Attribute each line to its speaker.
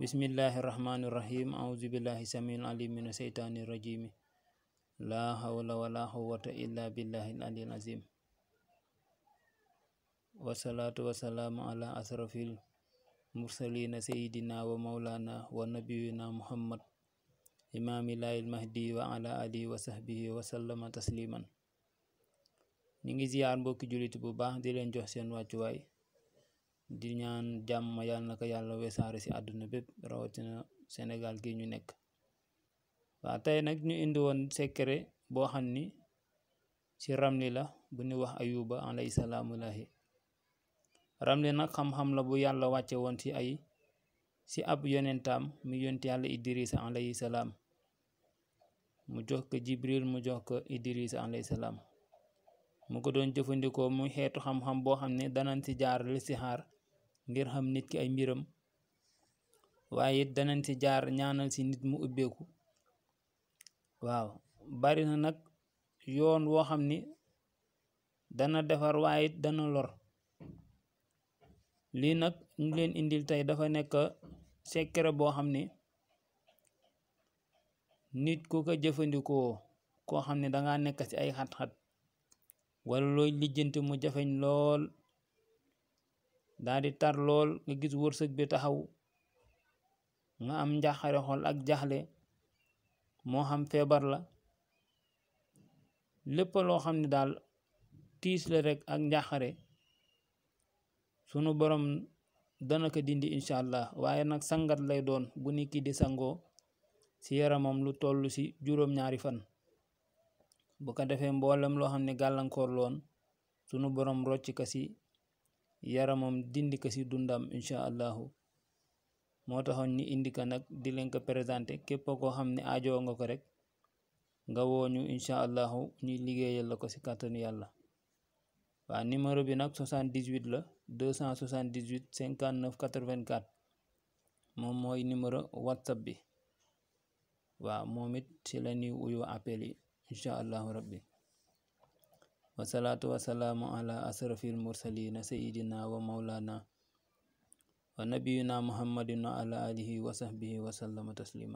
Speaker 1: bismillahi rahmaani rahim auzu billahi samiil alim laa hawla wala quwwata illa billahi aliyil azim wasalaatu wasalaamu ala asrafil sayidina wa maulana wa nabiyina muhammad imaamilaayil mahdi wa ala alihi wa sahbihi wasallama ziyaar mbokki jullit bu baax di leen jox seen di ñaan jàmm yàlla na ko yàlla wesaare ci àdduna bépp rawatina Sénégal gi ñu nekk waaw tey nag ñu indi woon secret boo xam ni ci ramli la bu ñu wax ayuba alayhi salaamulaahi ramli nag xam-xam la bu yàlla wàcce woon ci ay ci ab yonentaam mi yonti yàlla Idrisa alayhi mu jox ko Jibril mu jox ko Idrisa alayhi salaam mu ko doon jëfandikoo muy xeetu xam-xam boo xam ne danañ ci jaar listixaar ngir xam nit ki ay mbiram waaye it danañ ci jaar ñaanal ci nit mu ubbeeku waaw bari na nag yoon woo xam ni dana defar waaye dana lor lii nag ñu leen indil tey dafa nekk secret boo xam ni nit ku ko jëfandikoo koo xam ne danga nekk ci ay xat-xat wala looy lijjanti mu jafeñ lool daal di tar lool nga gis wërsëg bi taxaw nga am njaaxare xol ak jaxle moo xam feebar la lépp loo xam ne daal tiis la rek ak njaaxare sunu boroom dana ko dindi incha allah waaye nag sangat lay doon bu nit ki di sangoo ci yaramam lu toll ci juróom-ñaari fan bu ko defee mboolem loo xam ne gàllankoor loon sunu borom rocc ka ci yaramam dindi ko ci dundam incha allahu moo taxoon ni indi ko nag di leen ko présenté képp koo xam ne aajoo nga ko rek nga wooñu incha allahu ñuy liggéeyal la ko ci kàttanu yàlla waa numéro bi nag 78 la 278 59 84 moom mooy numéro whatsapp bi waaw moom it ci la ñuy uyoo appel yi incha allahu rabbi wasalaatu wasalaamu ala asrafil mursalina sayidina wa maulana muhammadin wa ala alihi wa sahbihi